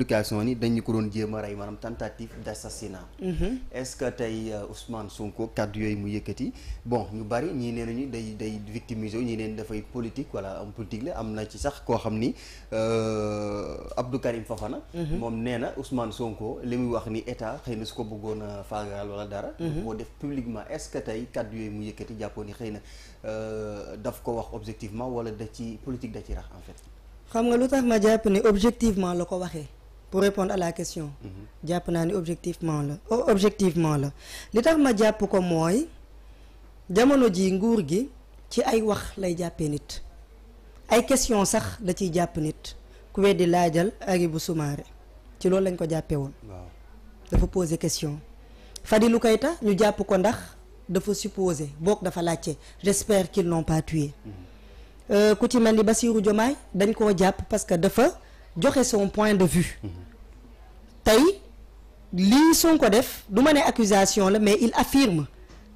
publication ni dañu ko doon jéem a rey maanaam tentative d'assassinat mhm. est-ce que tey euh, Ousmane Sonko kàddu yooyu mu yëkkati bon ñu bari ñii nee nañu day day victimiser wu ñii neen dafay politique wala am politique la am na ci sax koo xam ni euh, Abdou Karim mhm. moom nee na Ousmane li muy wax ni état xëy na su ko bëggoon a faagaal wala dara moo mhm. def publiquement est-ce que tey kàddu yooyu mu yëkkati jàppoon ni xëy na euh, daf ko wax objectivement wala da ci politique da ci rax en fait xam nga lu tax ma jàpp ne pour répondre à la question mhm. jàpp naa ni objectivement la oh, objectivement la li tax ma jàpp ko mooy jamono ji nguur gi ci ay wax lay jàppee nit ay question sax la ciy jàpp nit ku weddi laajal Hadjibou Soumaré ci loolu lañ ko jàppee woon dafa poser question Fadilou tax ñu jàpp ko ndax dafa supposer boog dafa laajte j'espère qu'ils n'ont pas tué mhm. euh, ku ci mel ni Bassirou Diomaye dañ koo jàpp parce que dafa joxe son point de vue tey lii ko def du ma ne accusation la mais il affirme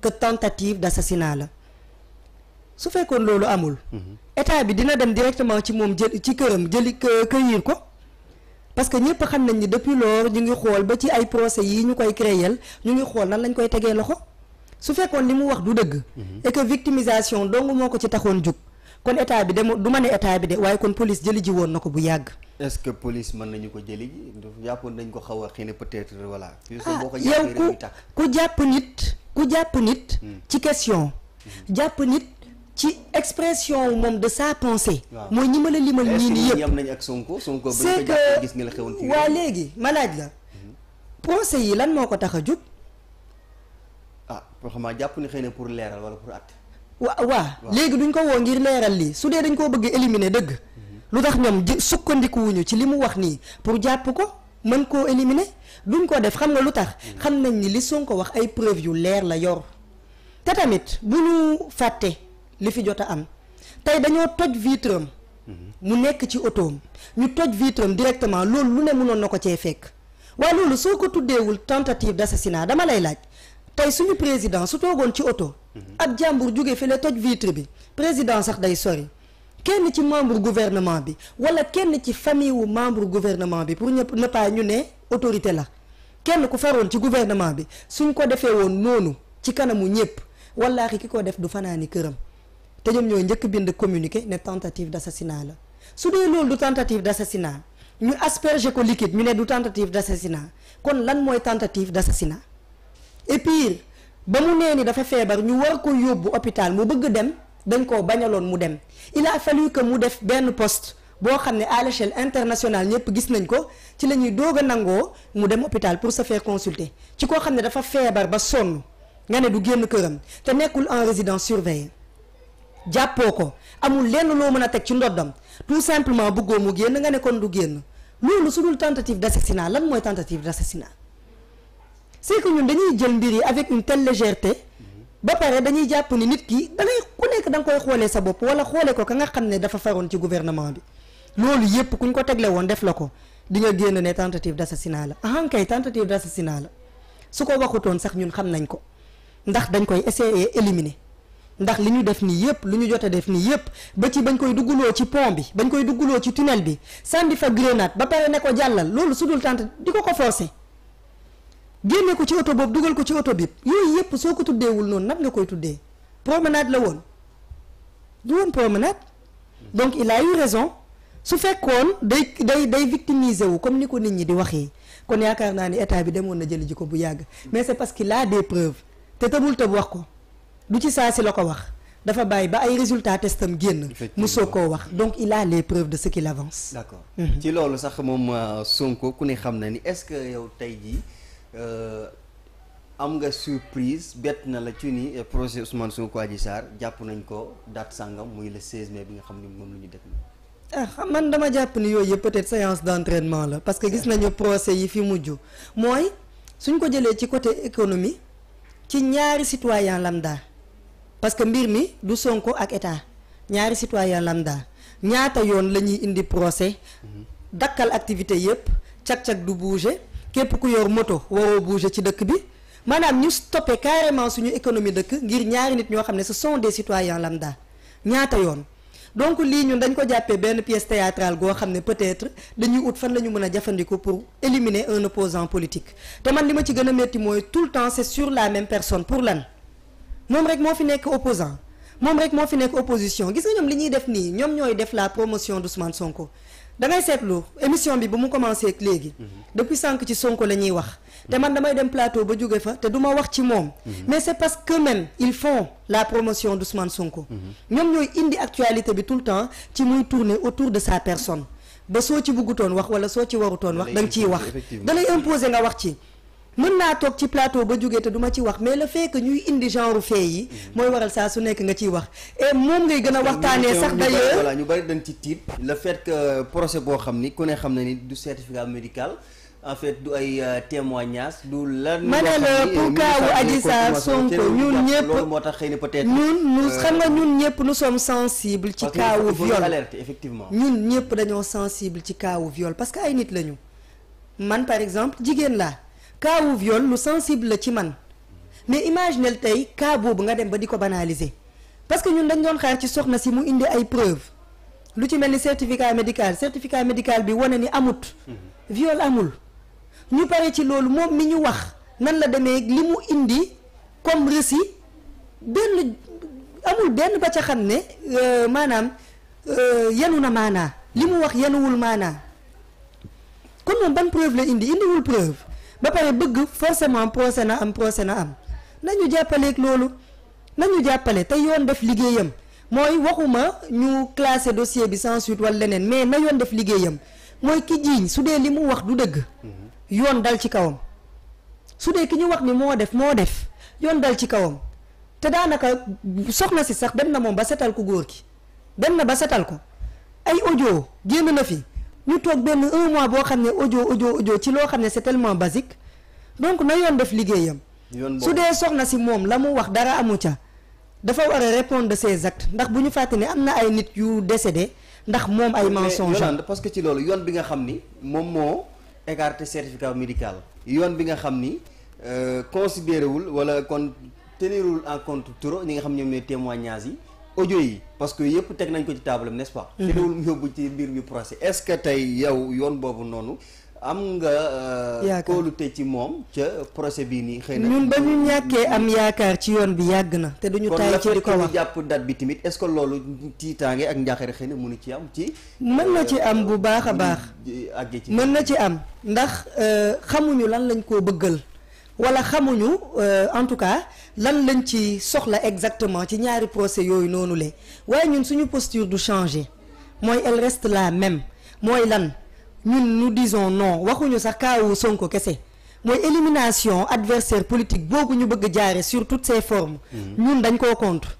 que tentative d'assassinat la su fekkoon loolu amul état bi dina dem directement ci moom jël ci këram jëli cueillir ko parce que ñëpp xam nañ ni depuis lors ñu ngi xool ba ci ay procès yi ñu koy créer ñu ngi xool nan lañ koy tegee loxo su fekkoon li mu wax du dëgg et victimisation dong moo ko ci taxoon jug kon état bi dem du ma ne état bi de waaye kon police jëli ji woon na ko bu yàgg est-ce que police mën nañu ko jëli ji jàppoon nañ ko xaw a xëy na peut-être voilà. ah yow ku ku jàpp nit ku jàpp nit. Hmm. ci question. Hmm. jàpp nit ci expression moom de sa pensée. mooy ñi ma la limal ñii nii yëpp yam nañ ak Sonko Sonko gis nga la xewoon waa léegi malaaj laaj la. Hmm. procès yi lan moo ko tax a jóg. ah pour xamaa jàpp ni xëy na pour leeral wala pour àtte. wa waa léegi duñ ko woo ngir leeral li su dee dañ koo bëgg éliminer dëgg. lu tax ñoom sukkandikuwuñu ci li mu wax nii pour jàpp ko mën koo éliminer duñ ko def xam nga lu tax mm. xam nañ ni li ko wax ay preuve yu leer la yor te tamit bu ñu fàttee li fi jot am tey dañoo toj vitre am mm-hmm. mu nekk ci otoom ñu toj vitre am directement loolu lu ne mënoon na ko cee fekk waaye loolu soo ko tuddeewul tentative d'assassinat dama lay laaj tey suñu président su toogoon ci oto. Mm-hmm. ak jàmbur jóge fi fële toj vitre bi président sax day sori kenn ci membre gouvernement bi wala kenn ci famille wu membre gouvernement bi pour ñëpp ne ñu ne autorité la kenn ku faroon ci gouvernement bi suñ ko defee woon noonu ci kanamu ñëpp wallaahi ki ko def du fanaani këram te ñoom ñoo njëkk bind communiqué ne tentative d'assassinat la su dee loolu du tentative d'assassinat ñu asperger ko liquide ñu ne du tentative d'assassinat kon lan mooy tentative d'assassinat et pire ba mu nee ni dafa feebar ñu war ko yóbbu hôpital mu bëgg dem dañ koo bañaloon mu dem il a fallu mu def benn post boo xam ne à l'échelle internationale ñëpp gis nañ ko ci la ñuy doog a nangoo mu dem hôpital pour sa faire consulter ci koo xam ne dafa feebar ba sonn nga ne du génn këram te nekkul en résidence surveillée jàppoo ko amul lenn loo mën a teg ci ndoddam tout simplement bëggoo mu génn nga ne kon du génn loolu su dul tentative d'assassinat lan mooy tentative d'assassinat c'est que ñun dañuy jël mbir yi avec une telle légèreté ba pare dañuy jàpp ni nit ki da ngay ku nekk da koy xoolee sa bopp wala xoolee ko ka nga xam ne dafa faroon ci gouvernement bi loolu yépp kuñ ko tegle woon def la ko dinga nga génn ne tentative d'assassinat la ahankay tentative d'assassinat la su ko waxutoon sax ñun xam nañ ko ndax dañ koy essayer éliminer ndax li ñu def nii yépp lu ñu jot a def nii yépp ba ci bañ koy dugguloo ci pont bi bañ koy dugguloo ci tunnel bi sànni fa grenade ba pare ne ko jàllal loolu su dul tente di ko ko génne ko ci oto boobu dugal ko ci oto bi yooyu yëpp soo ko tuddeewul noonu nan nga koy tuddee promenade la woon du woon promenade donc il a raison su fekkoon day day day victimiser wu comme ni ko nit ñi di waxee kon yaakaar naa ni état bi demoon na jëli ji ko bu yàgg mais c'est parce que a des preuves te tëbul tëb wax ko du ci saa si la ko wax dafa bàyyi ba ay résultats testam génn mu soo koo wax donc il a les de ce qu'il avance mhm. ci loolu sax moom euh, Sonko ku ne xam na ni est-ce que yow tey jii Euh, am nga surprise bett na la ci ni eh, projet Ousmane Sonko Adji Sarr jàpp nañ ko date sàngam muy le 16 mai bi nga xam ni moom lu ñu def ah man dama jàpp ni yooyu yëpp peut-être séance d'entraînement la parce que gis nañu procès yi fi mujj mooy suñ ko jëlee ci côté économie ci ñaari citoyen lambda parce que mbir mi du Sonko ak état ñaari citoyen lambda ñaata yoon la ñuy indi procès mhm. dakkal activité yëpp cag-cag du bouger képp ku yor moto waroo bouger ci dëkk bi maanaam ñu stoppé carrément suñu économie dëkk ngir ñaari nit ñoo xam ne sa sont des citoyens lambda ñaata yoon donc lii ñun dañ ko jàppee benn pièce théâtrale goo xam ne peut-être dañuy ut fan la ñu mën a jëfandiku pour éliminer un opposant politique te man li ma ci gën a métti mooy tout le temps c'est sur la même personne pour lan moom rek moo fi nekk opposant moom rek moo fi nekk opposition gis nga ñoom li ñuy def nii ñoom def la promotion d'Ousmane Sonko dangay ngay seetlu émission bi ba mu commencé ak léegi. Mhm. depuis sànq ci Sonko la ñuy wax. te man damay dem plateau ba jóge fa te du ma wax ci moom. Mhm. mais c' est parce que même il font la promotion d'Ousmane Sonko. Mhm. ñoom ñooy indi actualité bi tout le temps ci muy tourner autour de sa personne ba soo ci buggutoon wax wala soo ci warutoon wax. da nga ciy wax da lay imposer nga wax ci. mën naa toog ci plateau ba jógee te duma ci wax mais la fait que ñuy indi genre fee yi mm-hmm. mooy waral saa su nekk nga ciy wax et moom ngay gën a waxtaanee sax d'ailleurs ñu bari dañ ci tiit le fait que procès boo xam ni ku ne xam na nit du certificat médical en fait du ay euh, témoignage du lan ma ne la euh, pour kaawu Adji Sarr Sonko ñun ñëpp moo tax xëy na peut-être ñun ñu euh, xam nga ñun ñëpp nous sommes sensibles ci kaawu viol alerte effectivement ñun ñëpp dañoo sensible ci kaawu viol parce que ay nit lañu man par exemple jigéen laa cas wu viol lu sensible la ci man mais imaginel tey cas boobu nga dem ba di ko banaliser parce que ñun dañ doon xaar ci soxna si mu indi ay preuve lu ci mel ni certificat médical certificat médical bi wane ni amut viol amul ñu pare ci loolu moom mi ñu wax nan la demee li mu indi comme récit benn amul benn ba ca xam ne euh, maanaam euh, yenu na maanaa li mu wax yenuwul maanaa kon moom ban preuve la indi indiwul preuve ba pare bëgg forcément procès na am procès na am ñu jàppaleeg loolu ñu jàppale te yoon def liggéeyam mooy waxuma ñu classé dossier bi sans suite wala leneen mais na yoon def liggéeyam mooy ki jiiñ su dee li mu wax du dëgg mhm. yoon dal ci kawam su dee ki ñu wax ni moo def moo def yoon dal ci kawam te daanaka soxna si sax dem na moom ba setal ko góor ki dem na ba setal ko ay audio génn na fi ñu toog benn un boo xam ne audio audio audio ci loo xam ne c'est tellement basique donc na yoon def liggéeyam. su dee soxna si moom la mu wax dara amu ca dafa war a répondre de ses actes ndax bu ñu fàtte am na ay nit yu décédé ndax moom ay mensonge parce que ci loolu yoon bi nga xam ni moom moo écarté certificat médical yoon bi nga xam ni euh, considéré wul wala kon tenirul en compte trop ñi nga xam ñoom ñooy témoignage yi ojo yi parce que yëpp teg nañ ko ci table am n'est-ce pas. te mhm. newul yóbbu ci mbir bi procès est-ce tey yow yoon boobu noonu. am nga. Euh, yaakaar kóolute ci moom. ca procès bii nii xëy na. ba ñu ñàkkee am yaakaar ci yoon bi yàgg na. te duñu taay ci di ko jàpp date bi tamit est-ce que loolu tiitaange ak njaaxare xëy na mënu ci am ci. mën na ci am bu baax a euh, baax. mën na ci am ndax euh, xamuñu lan lañ koo bëggal. wala xamuñu en tout cas. lan lañ ci soxla exactement ci ñaari procès yooyu noonu le waaye ñun suñu posture du changer mooy elle reste la même mooy lan ñun nous dison non waxuñu sax kaawu Sonko kese mooy élimination adversaire politique boobu ñu bëgg jaare sur toutes ses formes mm-hmm. ñun dañ ko contre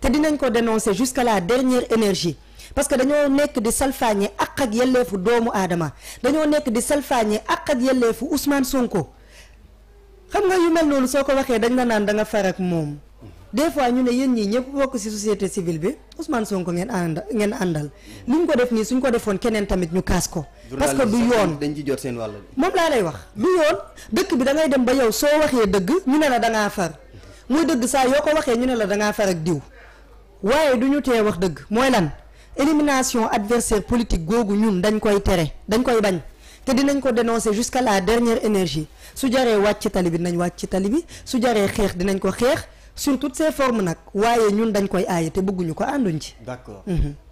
te dinañ ko dénoncer jusqu'à la dernière énergie parce que dañoo nekk di salfaañe ak ak yelleefu doomu aadama dañoo nekk di salfaañe ak ak yelleefu Ousmane Sonko xam nga yu mel noonu soo ko waxee dañ la naan danga nga far ak moom des fois ñu ne yéen ñii ñëpp bokk ci société civile bi Ousmane Sonko ngeen ànd ngeen àndal ni ñu ko def nii suñ ko defoon keneen tamit ñu kaas ko parce que du yoon dañ ci jot seen wàll moom laa lay wax du yoon dëkk bi da ngay dem ba yow soo waxee dëgg ñu ne la da far muy dëgg saa yoo ko waxee ñu ne la da ngaa far ak diw waaye du ñu tee wax dëgg mooy lan élimination adversaire politique googu ñun dañ koy tere dañ koy bañ te dinañ ko dénoncer jusqu'à la dernière énergie su jaree wàcc ci tali bi dinañ wàcc ci tali bi su jaree xeex dinañ ko xeex surtout toutes ces nag waaye ñun dañ koy aaye te bëgguñu ko ànduñ ci. d'accord. Mhm.